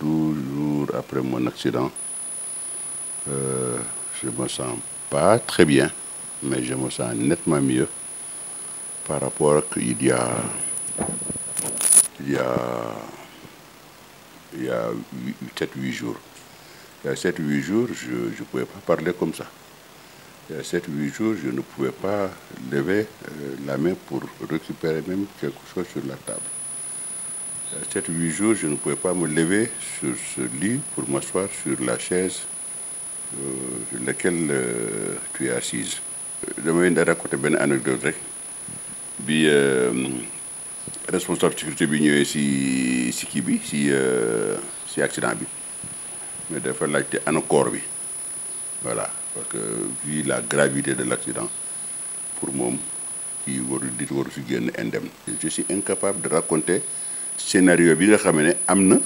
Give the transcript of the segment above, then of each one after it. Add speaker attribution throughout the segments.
Speaker 1: douze jours après mon accident euh, je me sens pas très bien mais je me sens nettement mieux par rapport à il y a il y a sept huit jours il y a sept huit jours je je pouvais pas parler comme ça il y a sept huit jours je ne pouvais pas lever euh, la main pour récupérer même quelque chose sur la table Ces huit jours, je ne pouvais pas me lever sur ce lit pour m'asseoir sur la chaise euh, sur laquelle euh, assise. dama leen di benn anecdote rek bi euh, responsable sécurité bi ñëwee si si kii bi si euh, si accident bi mais dafa laajte ana bi voilà parce que vu la gravité de l'accident pour moom kii waru dit waru fi génn indemne. je suis incapable de raconter. scénario bi nga xam ne am na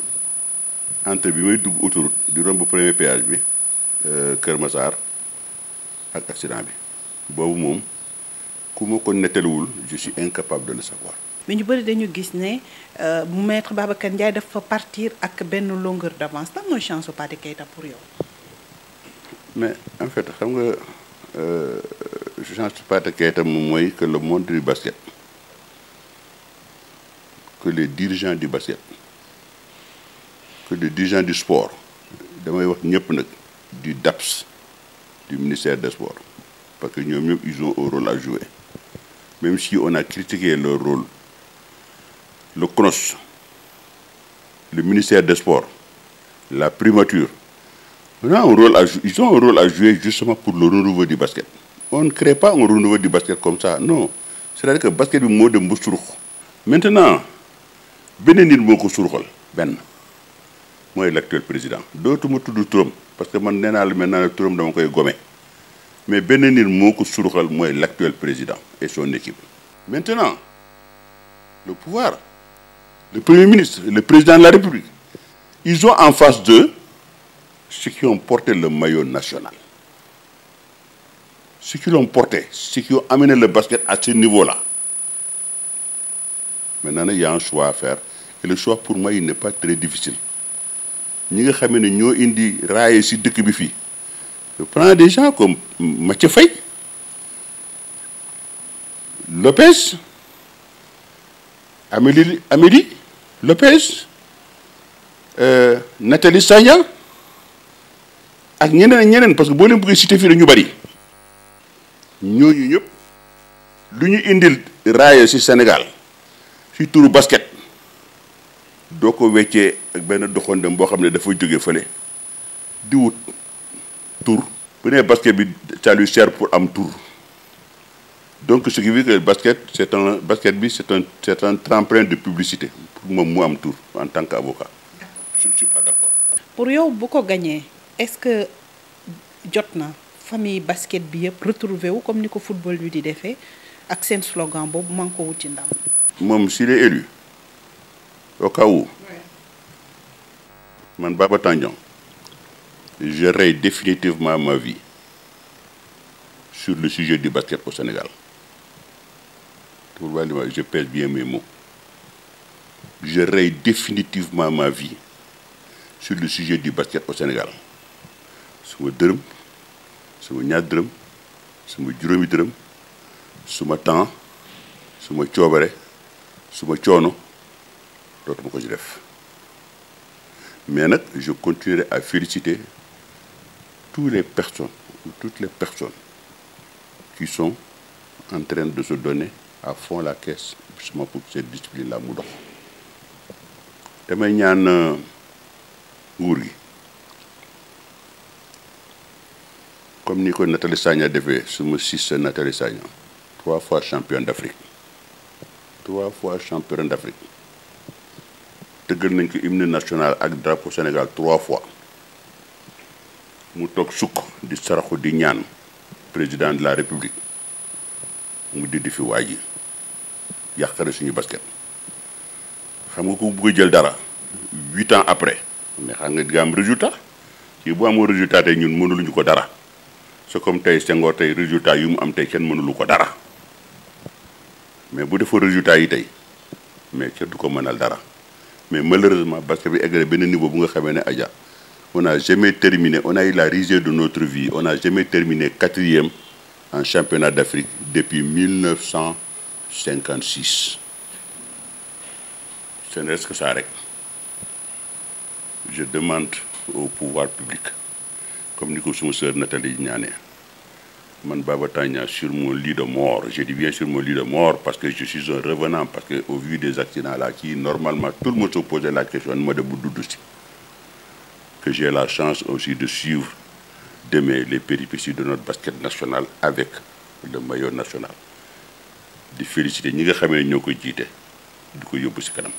Speaker 1: entre bi may dugg autoroute di romb premier péage bi euh, Kër Massar ak accident bi boobu moom ku ma ko nettaliwul je suis incapable de le savoir. mais ñu bëri dañu gis ne euh, maître Babacar Ndiaye dafa partir ak benn longueur d' avance lan mooy chance su Pathé pour yow. mais en fait xam nga euh, chance su Pathé Keita moom mooy que le monde basket. que les dirigeants du basket que les du sport damay wax ñëpp nag du DAPS du ministère des sports parce que ñoom ñëpp ils ont un rôle à jouer même si on a critiqué leur rôle le CNOS le ministère des sports la primature on a un rôle à ils ont un rôle à jouer justement pour le renouveau du basket on crée pas un renouveau du basket comme ça non c'est-à-dire que basket bi moo dem ba surux beneen nit moo ko surxal benn mooy l'actuel président dootuma tudd turam parce que man nee naa la maintenant turam dama koy gome mais benn nit moo ko surxal mooy l'actuel président et son équipe. maintenant le pouvoir le premier ministre le président de la république ils ont en face d'eux ceux qui ont porté le maillot national ceux qui l'ont porté ceux qui ont amené le basket à ce niveau-là maintenant il y a un à faire et le pour moi il n'est pas très difficile ñi nga xamee ne ñoo indi raaye si dëkk bi fii je prends des gens comme Mathieu Faye Lopez Amélie Amélie Lopez euh, Nathalie ak ñeneen ak ñeneen parce que boo leen bëggee cité fii dañu bari ñooñu ñëpp lu ñu indil raaya ci Sénégal ci turu basket doo ko weccee ak benn doxandem boo xam ne dafa jóge fale di wut tur bu nee basket bi ça lui pour am tour donc ce qui veut que basket c'est un basket bi c'est un de publicité pour moom mu am tour en tant qu'avocat je pour yow bu ko gañee est-ce que jot na famille basket bi yëpp retrouvé wu comme ni ko football bi di defee ak seen slogan boobu man ko wuti ndam moom si est élu au cas man Baba Tandian je raye définitivement ma vie sur le sujet du basket au Sénégal pour moi je pèse bien mes mots je raye définitivement ma vie sur le sujet du basket au Sénégal suma dërëm suma ñaar dërëm suma juróomi dërëm suma temps suma coobare suma coono dootuma ko ci def mais nag je continuerai à féliciter tous les personnes ou toutes les personnes qui son en train de se donner à fond la caisse justement pour cette discipline là mu dox damay ñaan euh, nguur gi comme ni ko Nathalie Sagna defee suma sis Nathalie Sagna trois fois championne d'Afrique trois fois championne d'Afrique tëggal nañ ko hymne national ak drapeau Sénégal trois fois mu toog sukk di saraxu di ñaan président de la république mu diddi fi waa ji yàqare suñu basket xam nga ko bëgg jël dara huit ans après mais xam nga nga am résultat ci boo amoo résultat tey ñun mënuluñu ko dara c'est comme tey Senghor tey résultat yu mu am tey kenn mënulu ko dara mais bu defoo résultat yi tey mais kenn du ko mënal dara mais malheureusement basket bi egg na benn niveau bu nga xamee ne Adja on a jamais terminé on a eu la risée de notre vie on a jamais terminé quatrième en championnat d'Afrique depuis 1956 ce n'est que ça rek je demande au pouvoir public comme ni ko suma sœur Nathalie ñaanee man baaba Tania sur mon lit de mort je dis bien sur mon lit de mort parce que je suis un revenant parce que au vu des accidents là qui normalement tout le monde se posait la question ma de bu dudd si que j'ai la chance aussi de suivre demee les péripéties de notre basket national avec le mayo national di féliciter ñi nga xamee ñoo ko jiite du ko yóbbu si kanam